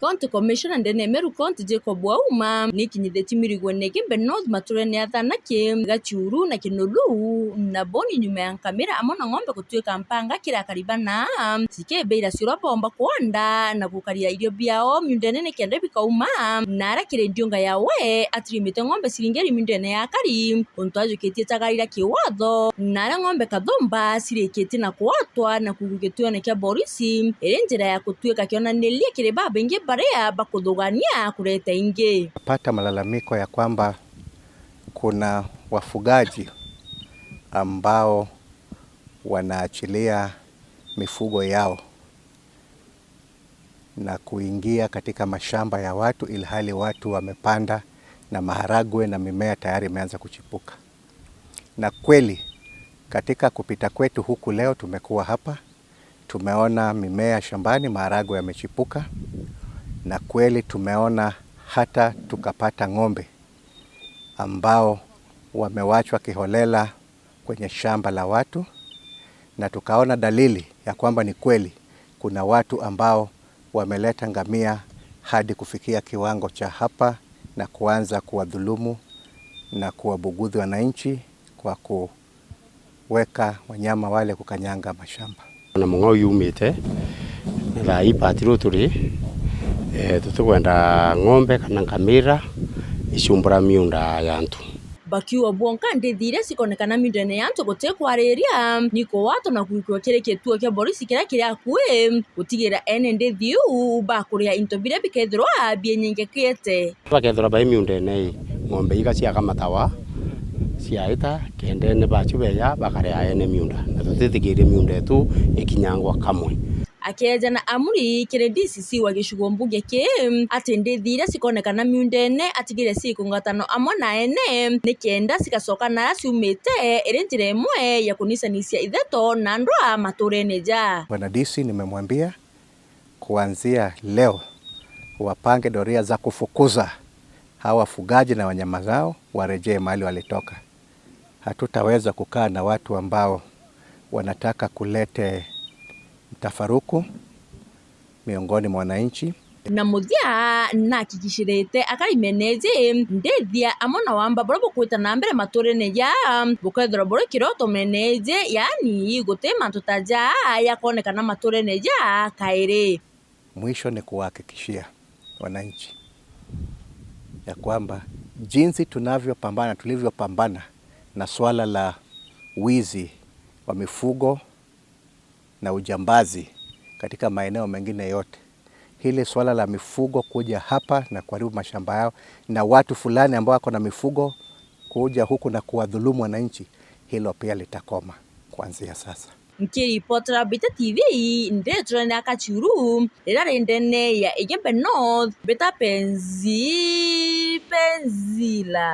county commissioner ndene meru county jacob wauma nikinyithe timirigwo ni gimbe north maturene athanaki gachuru na kinulu na boni nyuma ya nkamira amo na ng'ombe gutuika mpanga kirakaribana cikimbiira bomba kwonda na gukaria irio biao miundene ni kenda bikauma na ara kirediunga yawe atirimite ng'ombe ciringeri miundene ya kari untu ajukitie tagarira kiwatho na ara ng'ombe kathomba cirikitie na kwatwa na kugugituone kia borisi iri njira ya kutuika kionaniria kiri baba ingi parea bakuthugania kurete ingi. Pata malalamiko ya kwamba kuna wafugaji ambao wanaachilia mifugo yao na kuingia katika mashamba ya watu ilhali watu wamepanda na maharagwe na mimea tayari imeanza kuchipuka. Na kweli katika kupita kwetu huku leo tumekuwa hapa, tumeona mimea shambani, maharagwe yamechipuka na kweli tumeona hata tukapata ng'ombe ambao wamewachwa kiholela kwenye shamba la watu, na tukaona dalili ya kwamba ni kweli kuna watu ambao wameleta ngamia hadi kufikia kiwango cha hapa na kuanza kuwadhulumu na kuwabugudhi wananchi kwa kuweka wanyama wale kukanyanga mashamba na mng'ao yumite na rai patiro turi e, eh, tutugwenda ng'ombe kana ngamira icumbura miunda ya antu bakiwa bwonka ndithi iria cikonekana mindene yantu antu guti kwariria niko watu na kwikwa kiri kituo kia borisi kiria kiri akui gutigira ene ndithi bakuria into biria bikethirwa bienyengekete bakethirwa bai miundene ng'ombe iga ciakamatawa ciaita kendene bacio beya bakaria ene miunda na tutithigiirie miunda etu ikinyangwa kamwe akeja na amuri ikĩrĩ DCC wa gĩcigo mbunge ki atĩ ndithi cikonekana miunda atigire cikungatano amwe na ene nĩ kenda cigacoka na ciumĩte ĩrĩ njĩra ĩmwe ya kunicanicia itheto na ndwa matũrene ja. Bwana DC nimemwambia kuanzia leo wapange doria za kufukuza hawa wafugaji na wanyama zao warejee mahali walitoka. Hatutaweza kukaa na watu ambao wanataka kulete tafaruku miongoni mwa wananchi na muthia nakikishirite akarimeneji ndithia amona wamba buria bukwita na mbere maturene yaani ja bukethira buria kiroto meneje yani guti mantu ta ja yakonekana maturene ja kairi mwisho ni kuhakikishia wananchi ya kwamba jinsi tunavyopambana tulivyopambana na swala la wizi wa mifugo na ujambazi katika maeneo mengine yote. Hili swala la mifugo kuja hapa na kuharibu mashamba yao na watu fulani ambao wako na mifugo kuja huku na kuwadhulumu wananchi, hilo pia litakoma kuanzia sasa. nkiripotera bita TV ndiretũra na kachuru rĩrĩa rĩ ndene ya Ijembe North Bita penzi penzila